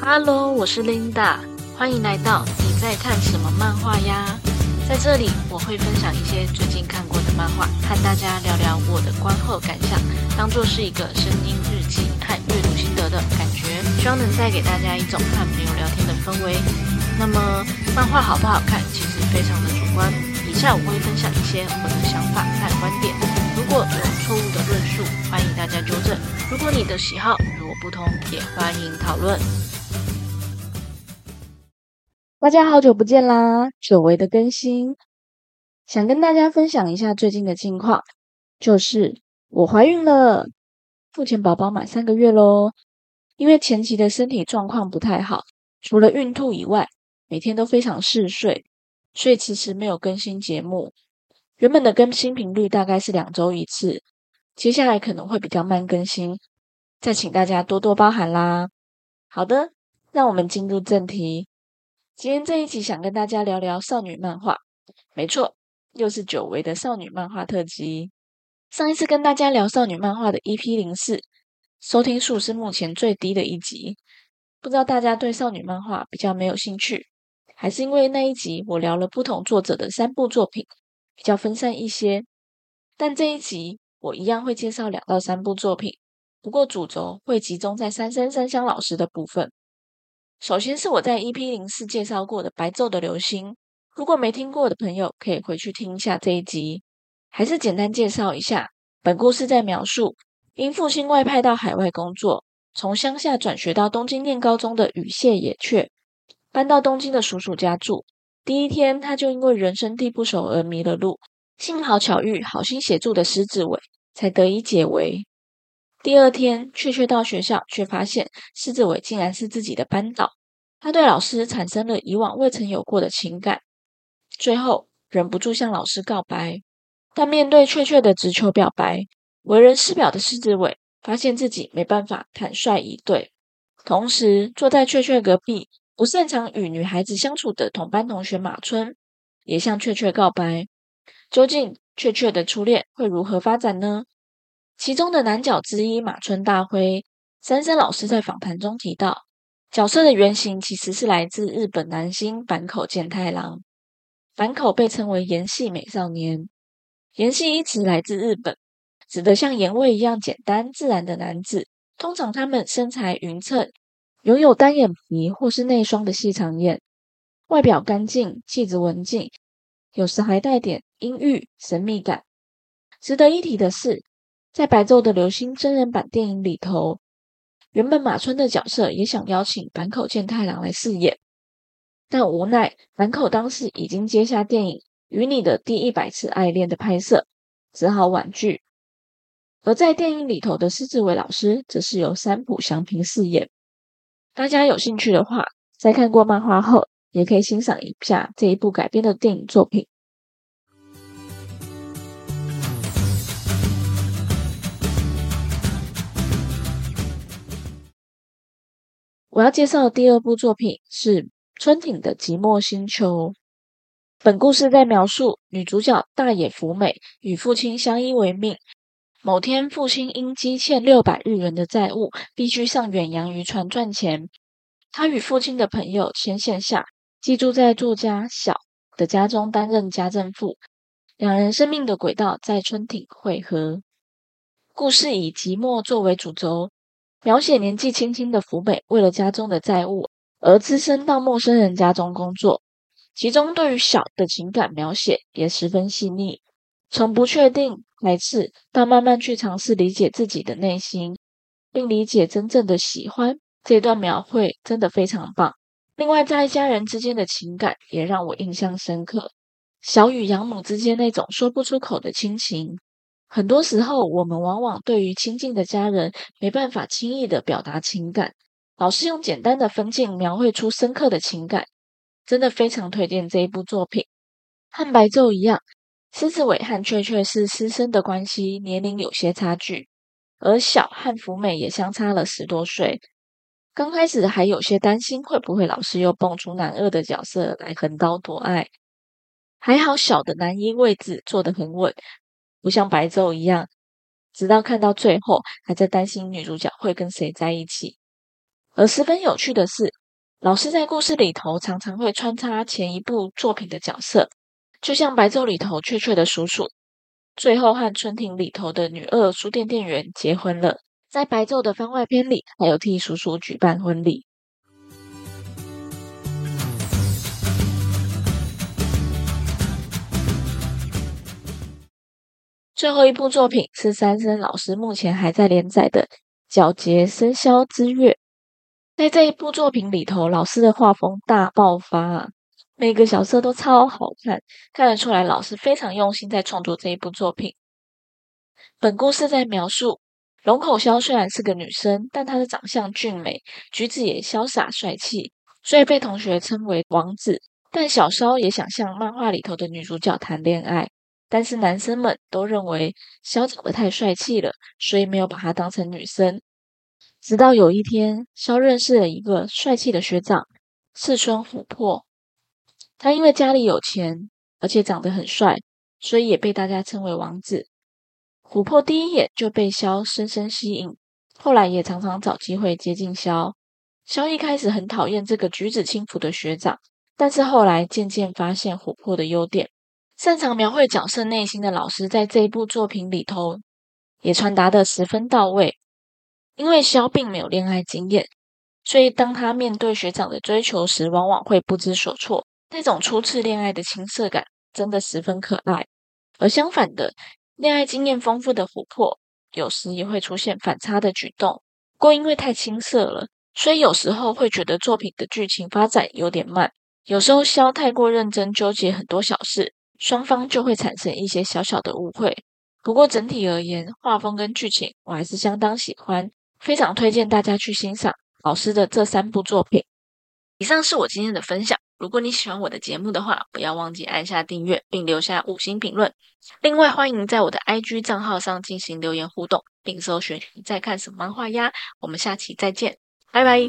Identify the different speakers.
Speaker 1: 哈嘍，我是 Linda，歡迎來到你在看什麼漫畫呀？在這裡我會分享一些最近看過的漫畫，和大家聊聊我的觀後感想，當做是一個聲音日記和閱讀心得的感覺，希望能帶給大家一種和朋友聊天的氛圍。那麼漫畫好不好看，其實非常的主觀。以下我會分享一些我的想法和觀點，如果有錯誤的論述，歡迎大家糾正。如果你的喜好與我不同，也歡迎討論。大家好久不見啦！久違的更新，想跟大家分享一下最近的近況，就是我懷孕了，目前寶寶滿三個月嘍。因為前期的身體狀況不太好，除了孕吐以外，每天都非常嗜睡，所以遲遲沒有更新節目。原本的更新頻率大概是兩週一次，接下來可能會比較慢更新，再請大家多多包涵啦。好的，讓我們進入正題。今天這一集想跟大家聊聊少女漫畫，沒錯，又是久違的少女漫畫特輯。上一次跟大家聊少女漫畫的 EP 零四，收聽數是目前最低的一集，不知道大家對少女漫畫比較沒有興趣，還是因為那一集我聊了不同作者的三部作品，比較分散一些。但這一集我一樣會介紹兩到三部作品，不過主軸會集中在山森三香老師的部分。首先是我在 EP 零四介紹過的《白晝的流星》，如果沒聽過的朋友，可以回去聽一下這一集。還是簡單介紹一下，本故事在描述因父親外派到海外工作，從鄉下轉學到東京念高中的雨謝野雀，搬到東京的叔叔家住。第一天，他就因為人生地不熟而迷了路，幸好巧遇好心協助的獅子尾，才得以解圍。第二天，雀雀到學校，卻發現獅子尾竟然是自己的班導。他對老師產生了以往未曾有過的情感，最後忍不住向老師告白。但面對雀雀的直球表白，為人師表的獅子尾發現自己沒辦法坦率以對。同時，坐在雀雀隔壁、不擅長與女孩子相處的同班同學馬村，也向雀雀告白。究竟雀雀的初戀會如何發展呢？其中的男角之一馬村大輝，山森老師在訪談中提到，角色的原型其實是來自日本男星坂口健太郎。坂口被稱為“鹽系美少年”，“鹽系”一詞來自日本，指的像鹽味一樣簡單自然的男子。通常他們身材勻稱，擁有單眼皮或是內雙的細長眼，外表乾淨，氣質文靜，有時還帶點陰鬱神秘感。值得一提的是。在白晝的流星真人版電影裡頭，原本馬村的角色也想邀請坂口健太郎來飾演，但無奈坂口當時已經接下電影《與你的第一百次愛戀》的拍攝，只好婉拒。而在電影裡頭的獅子尾老師，則是由三浦翔平飾演。大家有興趣的話，在看過漫畫後，也可以欣賞一下這一部改編的電影作品。我要介紹的第二部作品是椿町的《寂寞星球》。本故事在描述女主角大野福美與父親相依為命。某天，父親因積欠六百日元的債務，必須上遠洋漁船賺錢。她與父親的朋友牽線下寄住在作家小的家中擔任家政婦，兩人生命的軌道在椿町匯合。故事以寂寞作為主軸。描寫年紀輕輕的福美，為了家中的債務而隻身到陌生人家中工作。其中對於小的情感描寫也十分細膩，從不確定、排斥，到慢慢去嘗試理解自己的內心，並理解真正的喜歡。這段描繪真的非常棒。另外，在家人之間的情感也讓我印象深刻，小與養母之間那種說不出口的親情。很多時候，我們往往對於親近的家人沒辦法輕易的表達情感，老師用簡單的分鏡描繪出深刻的情感，真的非常推薦這一部作品。和《白晝》一樣，獅子尾和雀雀是師生的關係，年齡有些差距，而小和福美也相差了十多歲。剛開始還有些擔心會不會老師又蹦出男二的角色來橫刀奪愛，還好小的男一位置坐得很穩。不像白晝一樣，直到看到最後，還在擔心女主角會跟誰在一起。而十分有趣的是，老師在故事裡頭常常會穿插前一部作品的角色，就像白晝裡頭，雀雀的叔叔最後和椿町裡頭的女二書店店員結婚了。在白晝的番外篇裡，還有替叔叔舉辦婚禮。最後一部作品是三香老師目前還在連載的《皎潔深宵之月》。在這一部作品裡頭，老師的畫風大爆發啊，每個角色都超好看，看得出來老師非常用心在創作這一部作品。本故事在描述龍口肖雖然是個女生，但她的長相俊美，舉止也瀟灑帥氣，所以被同學稱為王子。但小時候也想向漫畫裡頭的女主角談戀愛。但是男生們都認為肖長得太帥氣了，所以沒有把他當成女生。直到有一天，肖認識了一個帥氣的學長——四川琥珀。他因為家裡有錢，而且長得很帥，所以也被大家稱為王子。琥珀第一眼就被肖深深吸引，後來也常常找機會接近肖。肖一開始很討厭這個舉止輕浮的學長，但是後來漸漸發現琥珀的優點。擅長描繪角色內心的老師，在這一部作品裡頭也傳達得十分到位。因為肖並沒有戀愛經驗，所以當他面對學長的追求時，往往會不知所措。那種初次戀愛的青澀感真的十分可愛。而相反的，戀愛經驗豐富的琥珀，有時也會出現反差的舉動。不過因為太青澀了，所以有時候會覺得作品的劇情發展有點慢。有時候肖太過認真，糾結很多小事。雙方就會產生一些小小的誤會。不過整體而言，畫風跟劇情我還是相當喜歡，非常推薦大家去欣賞老師的這三部作品。以上是我今天的分享。如果你喜歡我的節目的話，不要忘記按下訂閱並留下五星評論。另外，歡迎在我的 IG 賬號上進行留言互動，並搜尋你在看什麼漫畫呀。我們下期再見，拜拜。